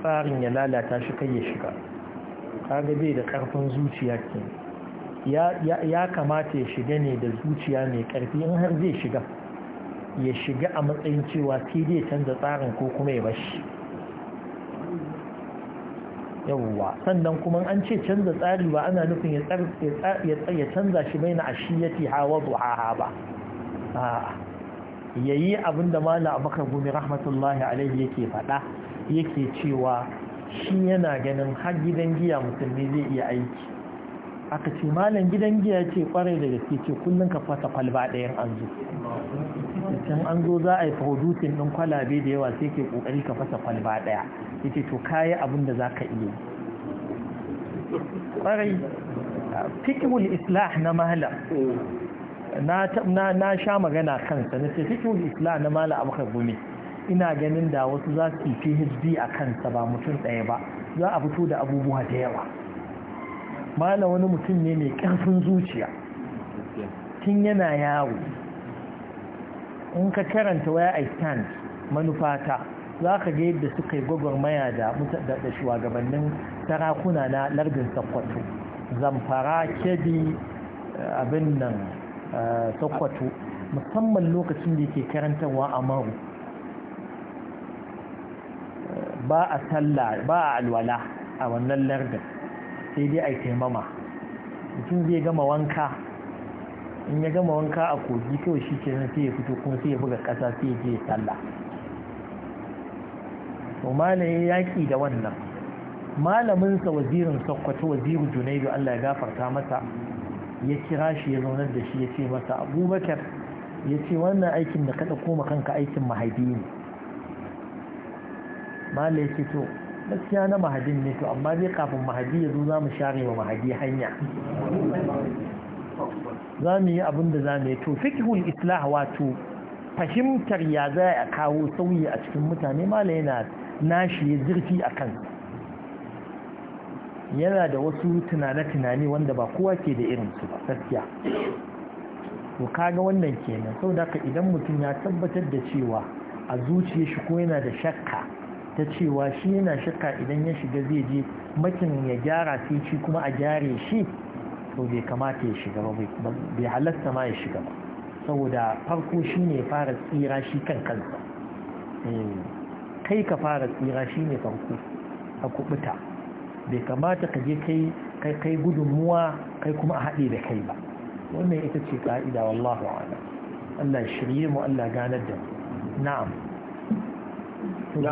tsarin ya lalata shi kai ya shiga kaga bai da karfin zuciya ke ya kamata ya shiga ne da zuciya mai karfi in har zai shiga ya shiga a matsayin cewa sai dai canza tsarin ko kuma ya bashi yawwa sannan kuma an ce canza tsari ba ana nufin ya canza shi bai na ashiyati hawa duhaha ba ya yi abinda mala abakar gumi rahmatullahi alaihi yake faɗa yake cewa shi yana ganin har gidan giya musulmi zai iya aiki aka ce malam gidan giya ce kwarai da gaske ce kullum ka fasa kwalba ɗayan an zo can an zo za a yi fahudutin ɗin kwalabe da yawa sai ke ƙoƙari ka fasa kwalba ɗaya ya ce to kayi abin da za ka iya kwarai fikihul islah na malam na sha magana kansa na ce fikihul islah na malam abu ka gumi ina ganin da wasu za su yi phd a kansa ba mutum ɗaya ba za a fito da abubuwa da yawa mala wani mutum ne mai ƙarfin zuciya tun yana yawo in ka karanta waya a stand manufata za ka ga yadda suka yi gwagwarmaya da shugabannin sarakuna na lardin sokoto zamfara kebi abin nan eh, sakwato musamman lokacin da ke karantarwa a maru ba a sallah ba a alwala a wannan lardin sai dai a taimama mutum zai gama wanka in ya gama wanka a kogi kawai shi ke sai ya fito kuma sai ya buga ƙasa sai ya je ya sallah to malaye yaƙi da wannan malaminsa wazirin sakkwato waziru junaidu allah ya gafarta masa ya kira shi ya zaunar da shi ya ce masa abubakar ya ce wannan aikin da ka ɗauko kanka aikin mahaifi ne mala ya to gaskiya na mahadin ne to amma zai kafin mahadi ya zo za mu share wa mahadi hanya za mu yi abin da za mu yi to fikihul islah wato fahimtar ya za a kawo sauyi a cikin mutane mala yana nashi ya zurfi a kan yana da wasu tunane-tunane wanda ba kowa ke da irin su ba gaskiya to kaga wannan kenan sau da idan mutum ya tabbatar da cewa a zuciya shi ko yana da shakka ta cewa shi yana shakka idan ya shiga zai je makin ya gyara fici kuma a gyare shi to bai kamata ya shiga ba bai halasta ma ya shiga ba saboda farko shi ne fara tsira shi kan kansa eh, kai ka fara tsira shi ne farko a kubuta bai kamata ka je kai kai kai gudunmuwa kai kuma a haɗe da kai ba wannan ita ce ƙa'ida wallahu a'lam Allah shirye mu Allah ganar da na'am بسم الله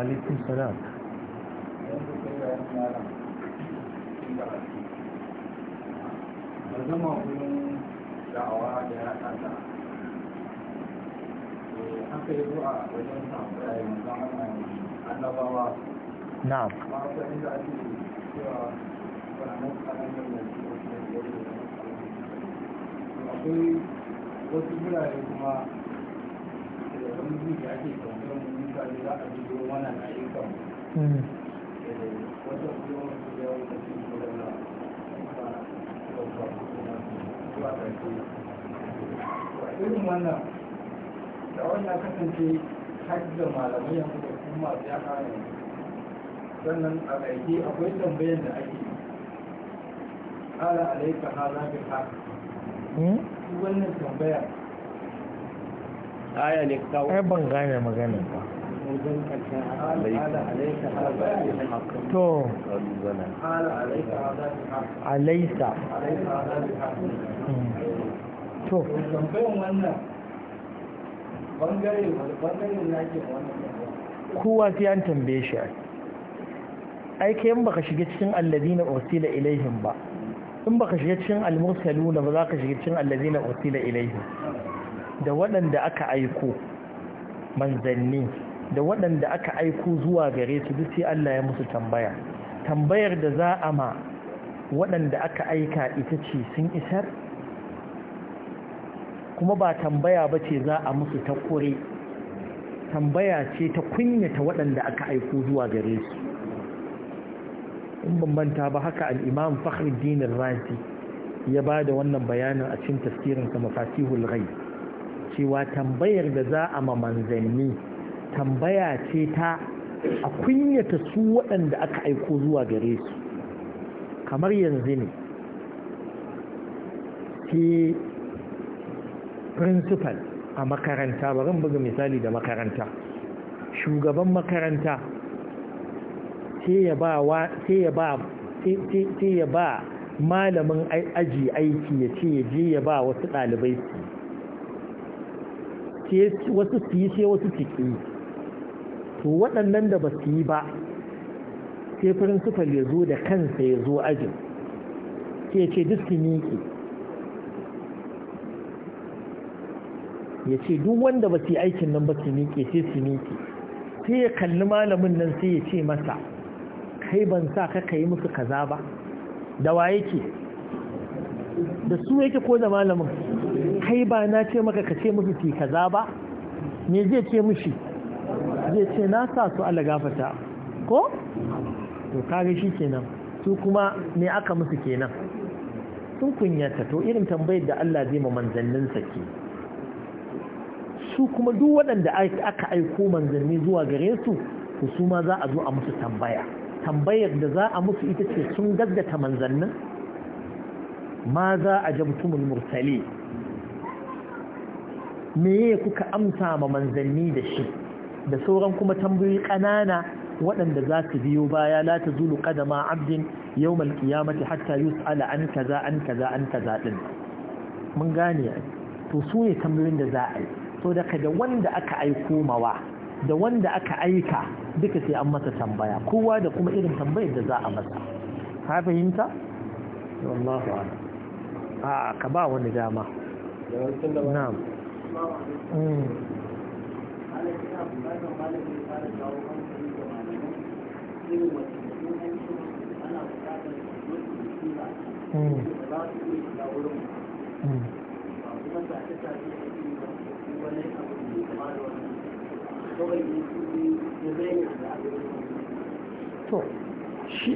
عليكم السلام zama wurin da'awa da ya zuwa zama ba inda akwai wasu birane kuma ake kamar mutane za a biyo mana na yin kamar wata da wannan da kasance hajjar malamai yanzu da kuma masu ya ƙara sannan a akwai tambayar da ake ƙara alaika ha za ka wannan aya ne kawo ai ban gane magana ba to alaisa to kowa sai an tambaye shi ai kayan baka shiga cikin alladina ursila ilaihim ba in baka shiga cikin almursaluna ba za ka shiga cikin alladina ursila ilaihim da waɗanda aka aiko manzanni da waɗanda aka aiko zuwa gare su duk sai Allah ya musu tambaya tambayar da za a ma waɗanda aka aika ita ce sun isar kuma ba tambaya ba ce za a musu ta kure tambaya ce ta kunyata waɗanda aka aiko zuwa gare su in bambanta ba haka al'imam fahimdinin razi ya ba da wannan bayanin a cikin tafsirinsa mafasihul rai. cewa tambayar da za a ma tambaya ce ta a kunyata su waɗanda aka aiko zuwa gare su kamar yanzu ne ke principal a makaranta ba zan buga misali da makaranta shugaban makaranta sai ya ba malamin aji aiki ya ce ya je ya ba wasu ɗalibai su wasu su yi sai wasu su yi to waɗannan da ba su yi ba sai firinsifal ya zo da kansa ya zo ajin sai ya ce duk su miƙe ya ce duk wanda ba su yi aikin nan ba su miƙe sai su miƙe sai ya kalli malamin nan sai ya ce masa kai ban sa ka ka yi musu kaza ba da wa yake da su yake ko da malamin kai ba na ce maka ka ce musu fi kaza ba me zai ce mushi zai ce na sa su Allah gafata ko to kare shi kenan su kuma me aka musu kenan sun kunyata to irin tambayar da Allah zai ma manzannin sa ke su kuma duk waɗanda aka aiko manzanni zuwa gare su to su ma za a zo a musu tambaya tambayar da za a musu ita ce sun gaggata manzannin ma za a jabtumul mursali Me ya kuka amsa ma manzanni da shi da sauran kuma tambayoyi ƙanana waɗanda za su biyo baya la ta zulu ƙadama abdin yau malkiyamati hatta yus ala an kaza an kaza an kaza ɗin mun gane to su ne tambayoyin da za a yi to daga da wanda aka aiko mawa da wanda aka aika duka sai an masa tambaya kowa da kuma irin tambayar da za a masa ka fahimta? wallahu A'a, ka ba wani dama na'am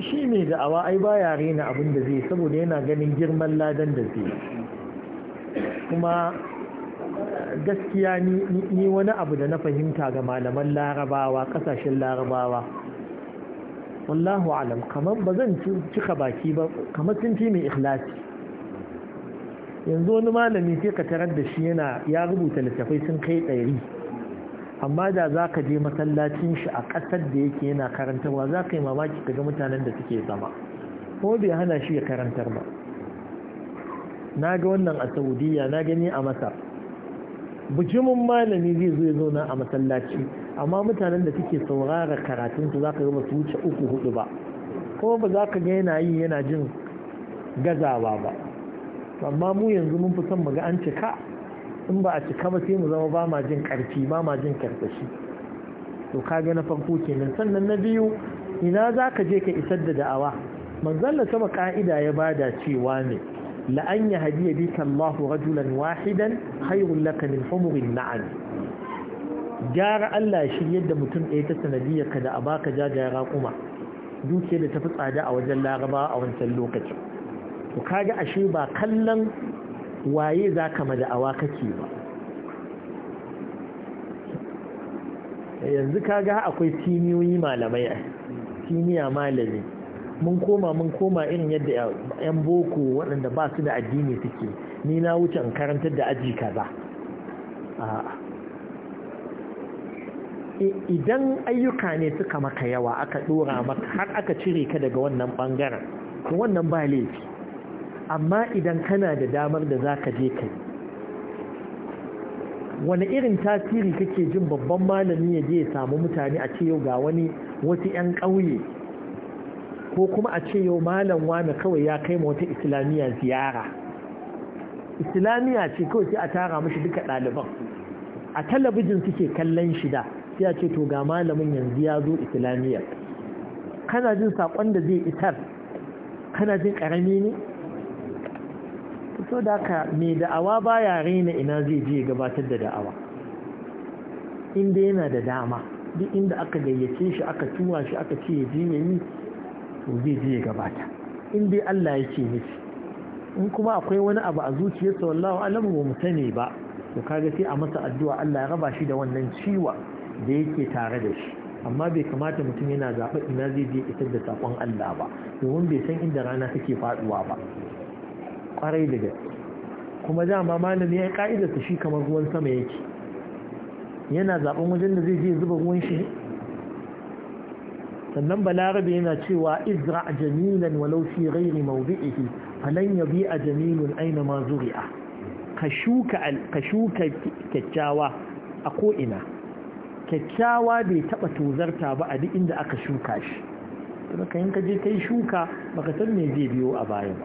shi ne da awa ai yare rena abin da zai saboda yana ganin girman ladan da zai kuma gaskiya ni wani abu da na fahimta ga malaman larabawa kasashen larabawa wallahu alam kamar ba zan cika baki ba kamar sun fi mai ikhlasi yanzu wani malami sai ka tarar da shi yana ya rubuta littafai sun kai ɗari amma da za ka je masallacin shi a ƙasar da yake yana karantarwa za ka yi mamaki ka ga mutanen da suke zama ko bai hana shi ya karantar ba na ga wannan a saudiya na gani a masar bujimin malami zai zo ya zauna a masallaci amma mutanen da suke saurara karatun su zaka ga ba su wuce uku hudu ba kuma ba za ka ga yana yi yana jin gazawa ba amma mu yanzu mun fi son mu ga an cika in ba a cika ba sai mu zama ba ma jin karfi ba ma jin karfashi to kaga na farko kenan sannan na biyu ina za ka je ka isar da da'awa manzon da sama ka'ida ya bada cewa ne لأن يهدي بك الله رجلا واحدا خير لك من حمر النعم جار الله شيء يد متن ايه تسندية كذا أباك جا جارا قمع دوك يد تفت أداء وجل غبا أو انت اللوكة وكاجا أشي با قلا واي ذاك مدى أواكتي با yanzu kaga akwai timiyoyi malamai تيميا timiya malami mun koma mun koma irin yadda 'yan boko waɗanda ba su da addini suke ni na wuce in karantar da aji kaza idan ayyuka ne suka maka yawa aka ɗora maka har aka cire ka daga wannan ɓangaren wannan ba laifi amma idan kana da damar da za ka je ka yi wani irin tasiri kake jin babban malami ya je ya samu mutane a ce ga wani wasu 'yan ƙauye ko kuma a ce yau malam wani kawai ya kai wata islamiyya ziyara islamiyya ce kawai sai a tara mashi duka ɗaliban a talabijin suke kallon shida sai a ce to ga malamin yanzu ya zo islamiyya kana jin saƙon da zai itar kana jin ƙarami ne so da ka mai da'awa ba ya raina ina zai je gabatar da da'awa inda yana da dama duk inda aka gayyace shi aka tuwa shi aka ce ya je yi to zai je gabata in dai Allah ya ce miki in kuma akwai wani abu a zuciyarsa wallahu alamu ba mu sani ba to kaga sai a masa addu'a Allah ya raba shi da wannan ciwa da yake tare da shi amma bai kamata mutum yana zaɓa ina zai je isar da sakon Allah ba domin bai san inda rana take faɗuwa ba ƙwarai da gaske kuma dama malami ya ƙa'idar shi kamar ruwan sama yake yana zaɓen wajen da zai je zuba ruwan shi sannan balarabe yana cewa izra jamilan walau fi ghairi mawdi'ihi falan a jamilun aina ma zuri'a ka shuka ka kyakkyawa a ko'ina, kyakkyawa bai taɓa tozarta ba a duk inda aka shuka shi kuma kayan ka je kai shuka baka san me zai biyo a baya ba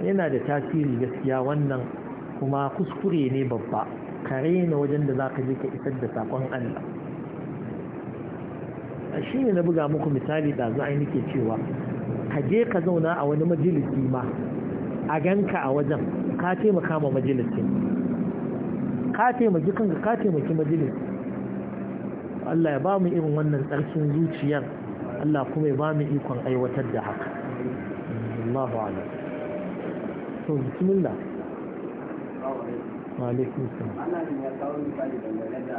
eh? yana da tasiri gaskiya wannan kuma kuskure ne babba kare ne wajen da za ka je ka isar da saƙon Allah shi ne na buga muku misali da za a yi nike cewa ka je ka zauna a wani majalisi ma a ganka a wajen ka taimaka ma majalisi ka taimaki kanka ka taimaki majalisi Allah ya ba mu irin wannan tsarkin zuciyar Allah kuma ya ba mu ikon aiwatar da haka Allahu ala to bismillah wa alaikum salam Allah ne ya kawo misali da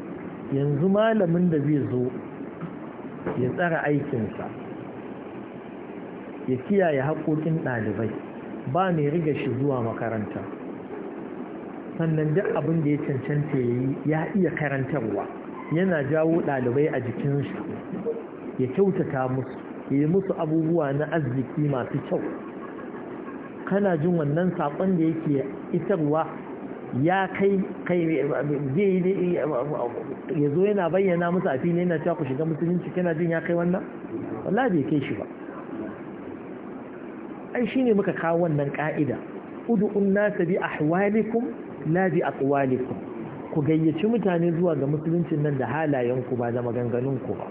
yanzu malamin da zai zo ya tsara aikinsa ya kiyaye haƙoƙin ɗalibai ba mai riga shi zuwa makaranta sannan duk abin da ya cancanta ya yi ya iya karantarwa yana jawo ɗalibai a jikinsu ya kyautata musu ya yi musu abubuwa na arziki masu kyau kana jin wannan saƙon da yake isarwa ya kai kai ya zo yana bayyana musu a fili yana cewa ku shiga musulunci kana jin ya kai wannan wallah bai kai shi ba ai shine muka kawo wannan ka'ida ud'un nas bi ahwalikum la bi aqwalikum ku gayyaci mutane zuwa ga musuluncin nan da halayenku ba da maganganunku ba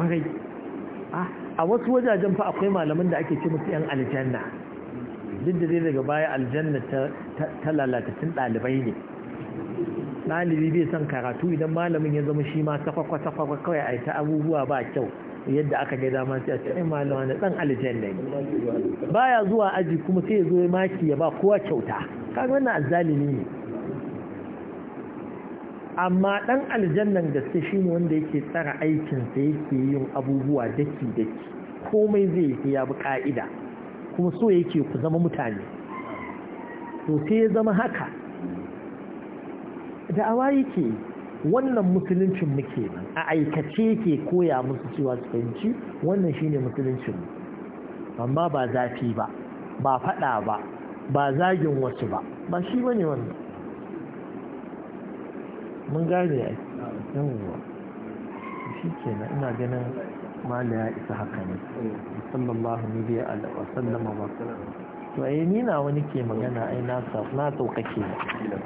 kwarai ah, a wasu wajajen fa akwai malaman da ake ce musu yan aljanna duk da zai daga baya aljanna ta lalatattun ɗalibai ne ɗalibi bai son karatu idan malamin ya zama shi ma sakwakwa-sakwakwa kawai a yi ta abubuwa ba kyau yadda aka ga dama sai a ce malama na ɗan aljanna ne baya zuwa aji kuma sai ya zo maki ya ba kowa kyauta kaga wannan azzalimi ne amma ɗan aljannan gaske shi ne wanda yake tsara aikinsa yake yin abubuwa daki-daki komai zai yi ya bi ƙa'ida kuma so yake ku zama mutane to sai ya zama haka Da da'awa yake wannan musuluncin muke a aikace ke koya musu cewa su fahimci wannan shine musuluncin mu. amma ba zafi ba ba fada ba ba zagin wasu ba ba shi bane wannan mun gane yawwa shi ke na ina ganin Mali ya isa haka ne sallallahu alaihi wa sallam ba to ai ni na wani ke magana ai na sauƙaƙe